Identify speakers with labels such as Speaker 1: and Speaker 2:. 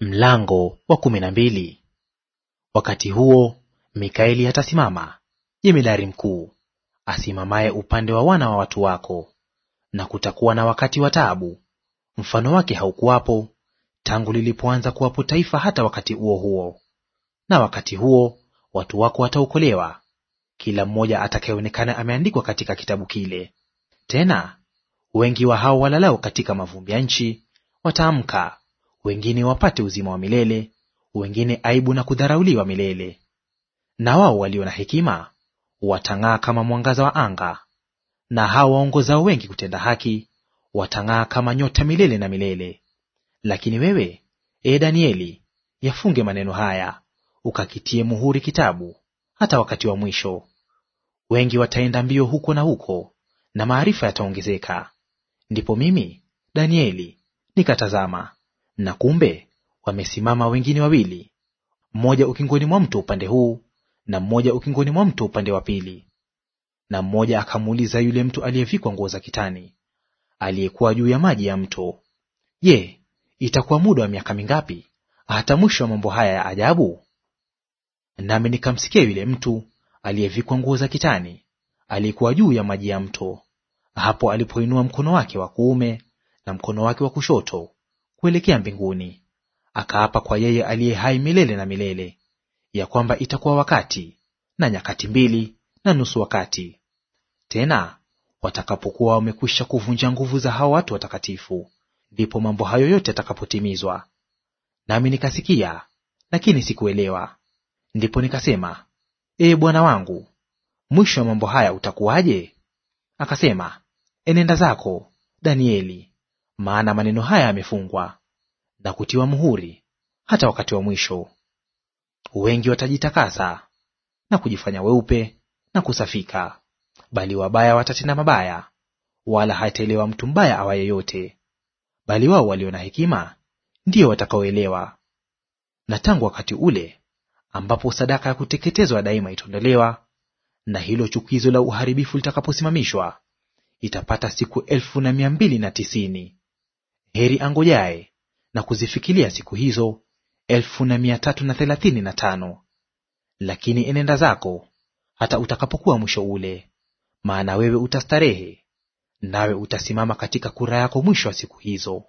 Speaker 1: Mlango wa kumi na mbili. Wakati huo Mikaeli atasimama jemedari mkuu asimamaye upande wa wana wa watu wako, na kutakuwa na wakati wa taabu, mfano wake haukuwapo tangu lilipoanza kuwapo taifa hata wakati huo huo. Na wakati huo watu wako wataokolewa, kila mmoja atakayeonekana ameandikwa katika kitabu kile. Tena wengi wa hao walalao katika mavumbi ya nchi wataamka wengine wapate uzima wa milele, wengine aibu na kudharauliwa milele. Na wao walio na hekima watang'aa kama mwangaza wa anga, na hao waongozao wengi kutenda haki watang'aa kama nyota milele na milele. Lakini wewe, e Danieli, yafunge maneno haya, ukakitie muhuri kitabu hata wakati wa mwisho. Wengi wataenda mbio huko na huko, na maarifa yataongezeka. Ndipo mimi Danieli nikatazama, na kumbe wamesimama wengine wawili, mmoja ukingoni mwa mto upande huu na mmoja ukingoni mwa mto upande wa pili. Na mmoja akamuuliza yule mtu aliyevikwa nguo za kitani aliyekuwa juu ya maji ya mto, Je, itakuwa muda wa miaka mingapi hata mwisho wa mambo haya ya ajabu? Nami nikamsikia yule mtu aliyevikwa nguo za kitani aliyekuwa juu ya maji ya mto, hapo alipoinua mkono wake wa kuume na mkono wake wa kushoto kuelekea mbinguni, akaapa kwa yeye aliye hai milele na milele, ya kwamba itakuwa wakati na nyakati mbili na nusu wakati; tena watakapokuwa wamekwisha kuvunja nguvu za hao watu watakatifu, ndipo mambo hayo yote yatakapotimizwa. Nami nikasikia, lakini sikuelewa. Ndipo nikasema, Ee Bwana wangu, mwisho wa mambo haya utakuwaje? Akasema, enenda zako Danieli, maana maneno haya yamefungwa na kutiwa muhuri hata wakati wa mwisho. Wengi watajitakasa na kujifanya weupe na kusafika, bali wabaya watatenda mabaya, wala hataelewa mtu mbaya awa yote. Bali wao walio na hekima ndiyo watakaoelewa. Na tangu wakati ule ambapo sadaka ya kuteketezwa daima itaondolewa, na hilo chukizo la uharibifu litakaposimamishwa, itapata siku elfu na mia mbili na tisini heri angojaye na kuzifikilia siku hizo elfu na mia tatu na thelathini na tano. Lakini enenda zako hata utakapokuwa mwisho ule, maana wewe utastarehe, nawe utasimama katika kura yako mwisho wa siku hizo.